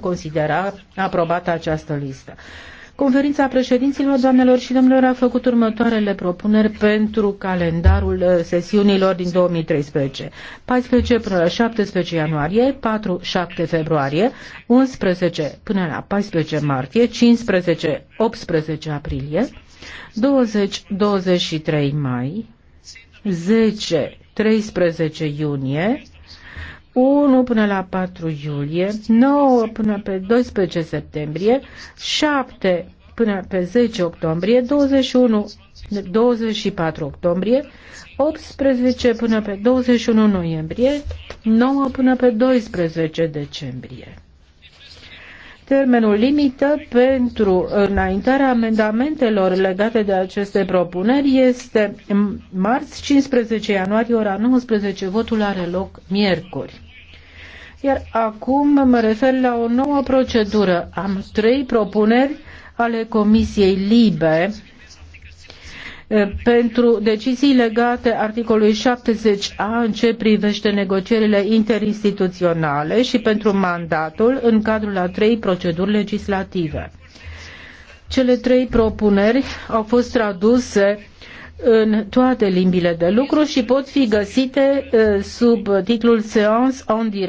considera aprobată această listă. Conferința președinților, doamnelor și domnilor, a făcut următoarele propuneri pentru calendarul uh, sesiunilor din 2013. 14 până la 17 ianuarie, 4-7 februarie, 11 până la 14 martie, 15-18 aprilie, 20-23 mai, 10-13 iunie, 1 până la 4 iulie, 9 până pe 12 septembrie, 7 până pe 10 octombrie, 21 24 octombrie, 18 până pe 21 noiembrie, 9 până pe 12 decembrie termenul limită pentru înaintarea amendamentelor legate de aceste propuneri este marți 15 ianuarie ora 19, votul are loc miercuri. Iar acum mă refer la o nouă procedură. Am trei propuneri ale Comisiei Libe pentru decizii legate articolului 70A în ce privește negocierile interinstituționale și pentru mandatul în cadrul a trei proceduri legislative. Cele trei propuneri au fost traduse în toate limbile de lucru și pot fi găsite sub titlul Seance on Direct.